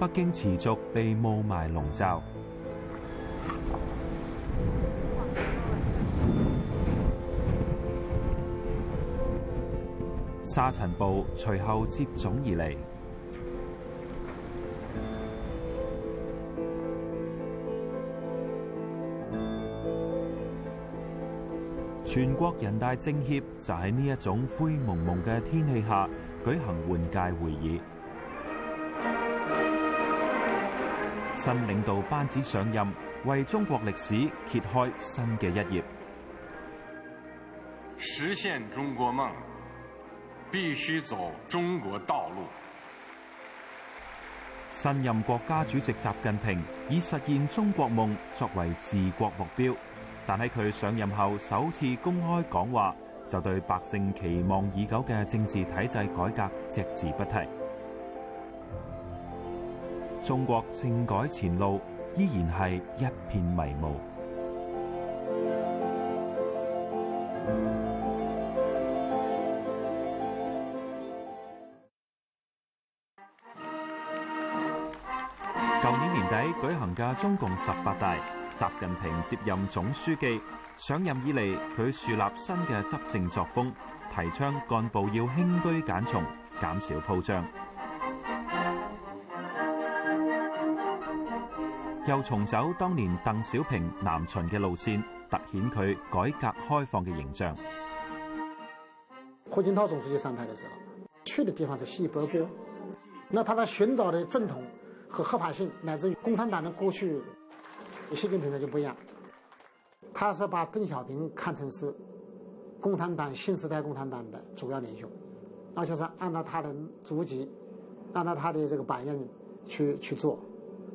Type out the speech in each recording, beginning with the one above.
北京持續被霧霾籠罩，沙塵暴隨後接踵而嚟。全國人大政協就喺呢一種灰蒙蒙嘅天氣下舉行換屆會議。新領導班子上任，為中國歷史揭開新嘅一頁。實現中國夢，必須走中國道路。新任國家主席習近平以實現中國夢作為治國目標，但喺佢上任後首次公開講話，就對百姓期望已久嘅政治體制改革只字不提。中國政改前路依然係一片迷霧。舊年年底舉行嘅中共十八大，習近平接任總書記。上任以嚟，佢樹立新嘅執政作風，提倡幹部要輕車簡從，減少鋪張。又重走當年鄧小平南巡嘅路線，凸顯佢改革開放嘅形象。胡錦濤總書記上台嘅時候，去嘅地方就係西柏坡。那他嚟尋找嘅正統和合法性，乃至於共產黨嘅過去，與習近平呢就不一樣。他是把鄧小平看成是共產黨新時代共產黨的主要領袖，那就是按照他的足跡，按照他的這個榜樣去去做。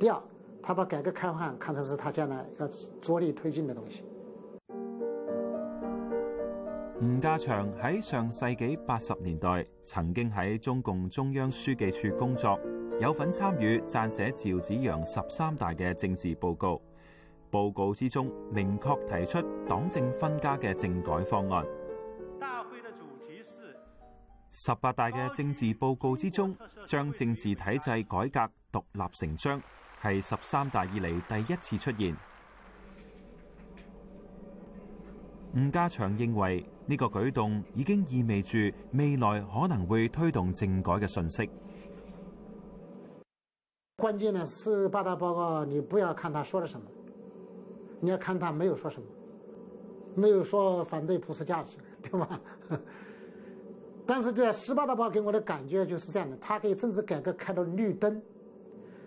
第二。他把改革開放看成是他將來要着力推進的東西。吳家祥喺上世紀八十年代曾經喺中共中央書記處工作，有份參與撰寫趙紫陽十三大嘅政治報告。報告之中明確提出黨政分家嘅政改方案。大會的主題是十八大嘅政治報告之中，將政治體制改革獨立成章。係十三大以嚟，第一次出現。吳家祥認為呢個舉動已經意味住未來可能會推動政改嘅訊息。關鍵呢，十八大報告你不要看他說了什麼，你要看他沒有說什麼，沒有說反對普世價值，對嗎？但是這十八大報告給我的感覺就是這樣的，他可以政治改革開到綠燈。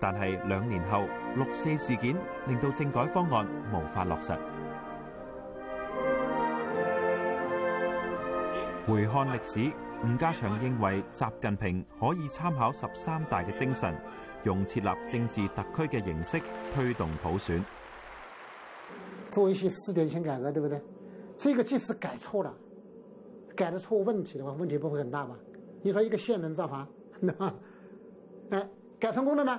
但係兩年後，六四事件令到政改方案無法落實。回看歷史，吳家祥認為習近平可以參考十三大嘅精神，用設立政治特區嘅形式推動普選。做一些試點性改革，對不對？這個即使改錯了，改得錯問題的話，問題不會很大吧？你說一個縣能造法？改成功了呢？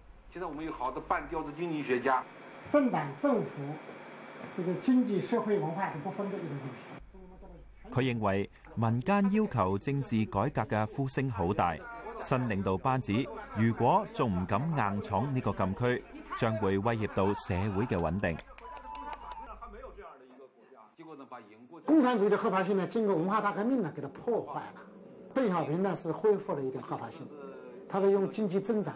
現在我們有好多半吊子經濟學家，政黨政府這個經濟社會文化是不分的一種東西。他認為民間要求政治改革的呼聲好大，新領導班子如果仲唔敢硬闖呢個禁區，將會威脅到社會嘅穩定。共產主義的合法性呢？經過文化大革命呢，給它破壞了。鄧小平呢，是恢復了一點合法性，他是用經濟增長。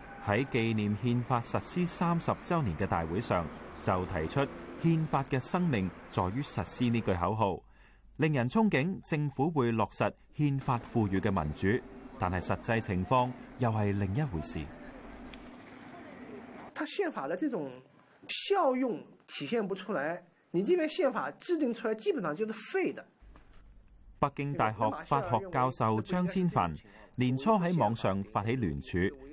喺紀念憲法實施三十周年嘅大會上，就提出憲法嘅生命在於實施呢句口號，令人憧憬政府會落實憲法賦予嘅民主，但係實際情況又係另一回事。他憲法的這種效用體現不出來，你這邊憲法制定出來基本上就是廢的。北京大學法學教授張千帆年初喺網上發起聯署，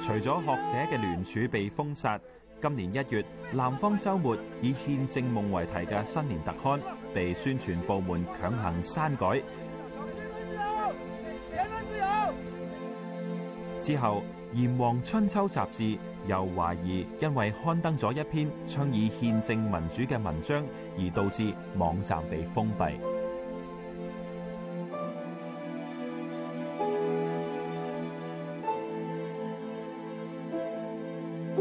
除咗學者嘅聯署被封殺，今年一月《南方周末》以憲政夢為題嘅新年特刊被宣傳部門強行刪改。之後，《炎黃春秋》雜誌又懷疑因為刊登咗一篇倡議憲政民主嘅文章，而導致網站被封閉。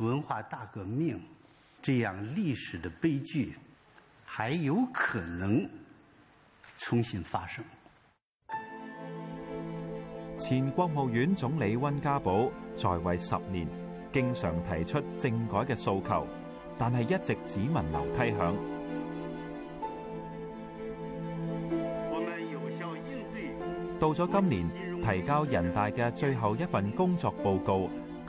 文化大革命這樣歷史的悲劇還有可能重新發生。前國務院總理溫家寶在位十年，經常提出政改嘅訴求，但係一直只聞樓梯響。 到咗今年， 提交人大嘅最後一份工作報告。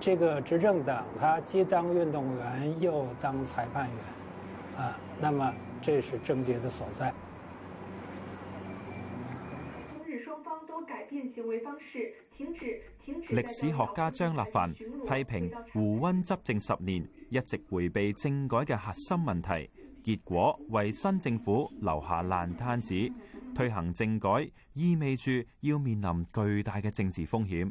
這個執政黨，他既當運動員又當裁判員，啊，那麼這是症結的所在。日雙方方都改變行為方式停止。歷史學家張立凡批評胡溫執政十年，一直回避政改嘅核心問題，結果為新政府留下爛攤子。推行政改意味住要面臨巨大嘅政治風險。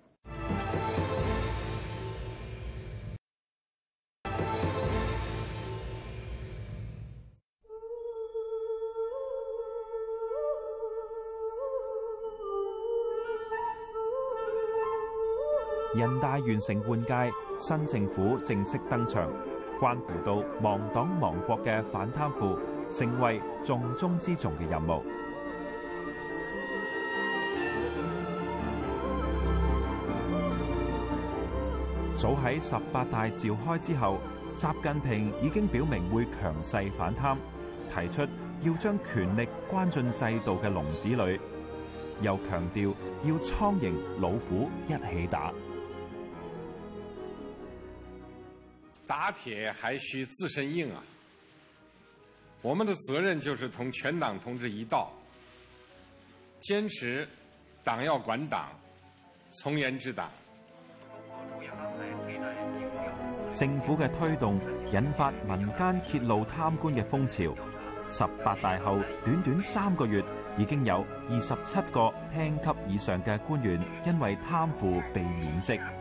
人大完成換屆，新政府正式登場，關乎到亡黨亡國嘅反貪腐，成為重中之重嘅任務。早喺十八大召開之後，習近平已經表明會強勢反貪，提出要將權力關進制度嘅籠子裏，又強調要蒼蠅老虎一起打。打鐵還需自身硬啊！我們的責任就是同全黨同志一道，堅持黨要管黨、從嚴治黨。政府嘅推動引發民間揭露貪官嘅風潮。十八大後短短三個月，已經有二十七個廳級以上嘅官員因為貪腐被免職。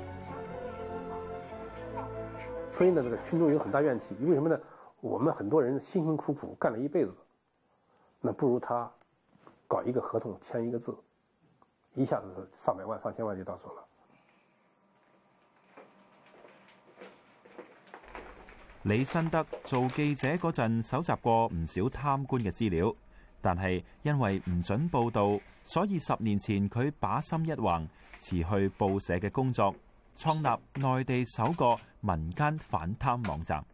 所以呢，這個群眾有很大怨氣。為什麼呢？我們很多人辛辛苦苦幹了一輩子，那不如他，搞一個合同，簽一個字，一下子上百萬、上千萬就到手了。李新德做記者嗰陣，搜集過唔少貪官嘅資料，但係因為唔准報道，所以十年前佢把心一橫，辭去報社嘅工作。創立內地首個民間反貪網站。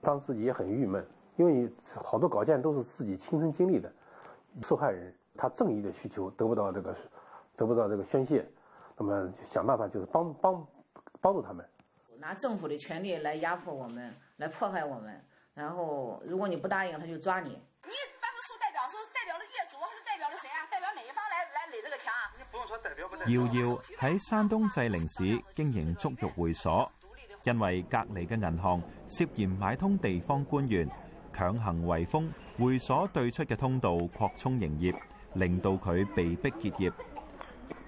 當時也很鬱悶，因為好多稿件都是自己親身經歷的受害人，他正義的需求得不到這個，得不到這個宣洩，那麼想辦法就是幫幫幫助他們，拿政府的權力來壓迫我們，來迫害我們，然後如果你不答應，他就抓你。姚耀喺山東濟寧市經營足浴會所，因為隔籬，嘅銀行涉嫌買通地方官員，強行圍封會所對出嘅通道，擴充營業，令到佢被迫結業。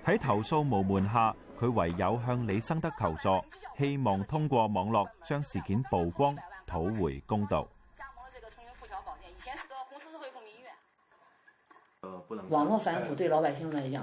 喺投訴無門下，佢唯有向李生德求助，希望通過網絡將事件曝光，討回公道。網絡反腐對老百姓來講。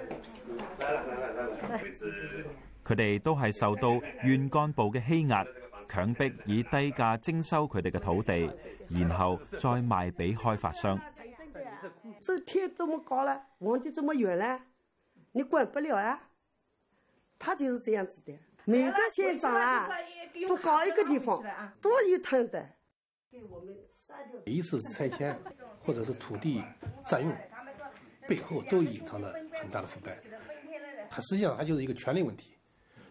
佢哋都係受到縣幹部嘅欺壓強迫以低價徵收佢哋嘅土地，然後再賣俾開發商。這天這麼高了，望得這麼遠了，你管不了啊？他就是這樣子的。每個縣長啊，都搞一個地方，都有貪的。每一次拆遷，或者是土地佔用，背後都隱藏了很大的腐敗。它實際上它就是一個權力問題，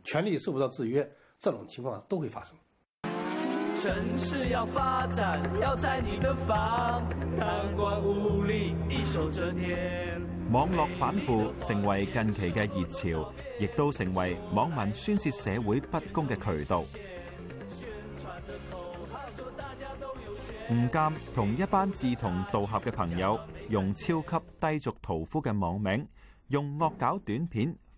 權力受不到制約，這種情況都會發生。城市要發展，要在你的房。貪官污吏一手遮天。網絡反腐成為近期嘅熱潮，亦都成為網民宣洩社會不公嘅渠道。宣傳的頭說大家都有錢。吳淦同一班志同道合嘅朋友，用超級低俗屠夫嘅網名，用惡搞短片，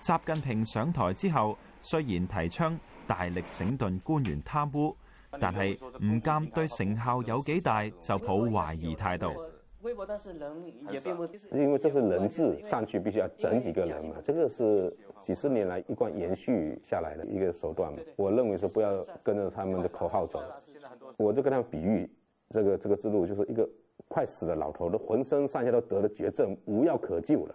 習近平上台之後，雖然提倡大力整頓官員貪污，但係唔敢對成效有幾大，就抱懷疑態度。因為這是人治上去，必須要整幾個人嘛。這個是幾十年來一貫延續下來的一個手段嘛。我認為說不要跟着他們的口號走。我就跟他們比喻，這個這個制度，就是一個快死的老頭，都渾身上下都得了絕症，無藥可救了。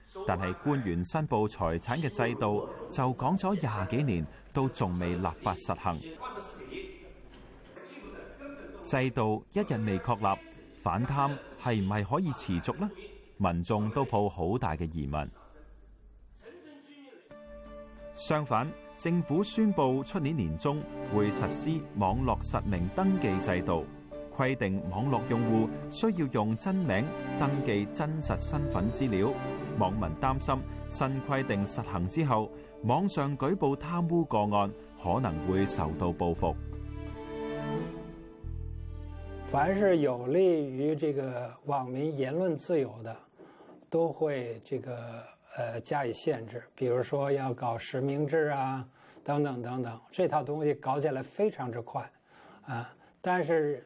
但係官員申報財產嘅制度就講咗廿幾年，都仲未立法實行。制度一日未確立，反貪係唔係可以持續呢？民眾都抱好大嘅疑問。相反，政府宣布出年年中會實施網絡實名登記制度。規定網絡用戶需要用真名登記真實身份資料，網民擔心新規定實行之後，網上舉報貪污個案可能會受到報復。凡是有利於這個網民言論自由的，都會這個呃加以限制，比如說要搞實名制啊，等等等等，這套東西搞起來非常之快啊，但是。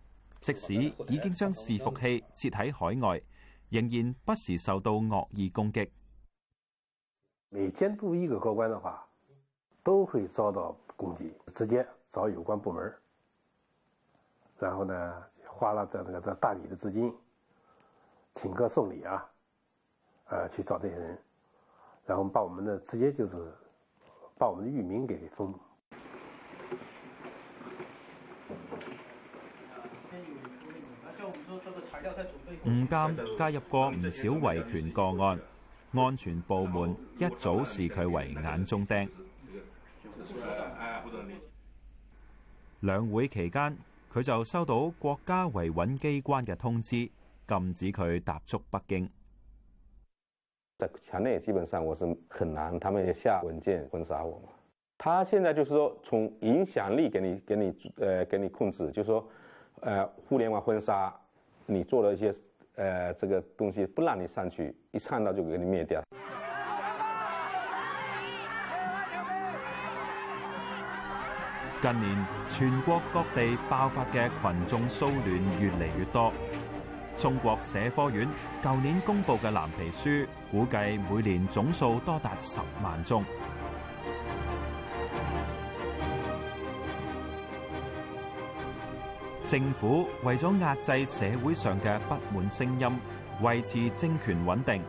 即使已經將伺服器設喺海外，仍然不時受到惡意攻擊。每監督一個高官的話，都會遭到攻擊，直接找有關部門。然後呢，花了這這個這大筆的資金請客送禮啊，呃，去找這些人，然後把我們的直接就是把我們的域名給封。吳鑑加入過唔少維權個案，安全部門一早視佢為眼中釘。兩會期間，佢就收到國家維穩機關嘅通知，禁止佢踏足北京。在牆內基本上我是很難，他們也下文件封殺我嘛。他現在就是說，從影響力給你、給你、誒、呃、給你控制，就是說，誒、呃，互聯網封殺。你做了一些，誒、呃，這個東西不讓你上去，一唱到就給你滅掉。近年，全國各地爆發嘅群眾騷亂越嚟越多。中國社科院舊年公布嘅藍皮書估計，每年總數多達十萬宗。政府為咗壓制社會上嘅不滿聲音，維持政權穩定，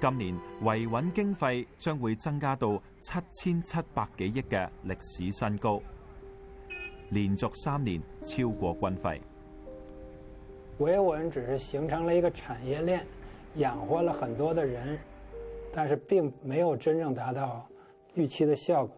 今年維穩經費將會增加到七千七百幾億嘅歷史新高，連續三年超過軍費。維穩只是形成了一個產業鏈，養活了很多的人，但是並沒有真正達到預期的效果。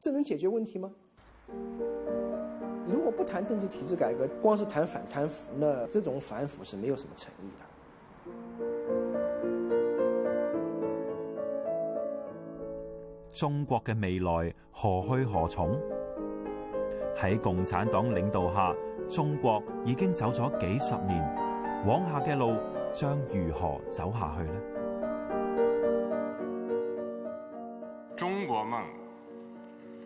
這能解決問題嗎？如果不談政治體制改革，光是談反貪腐，那這種反腐是沒有什麼誠意的。中國嘅未來何去何從？喺共產黨領導下，中國已經走咗幾十年，往下嘅路將如何走下去呢？中國夢。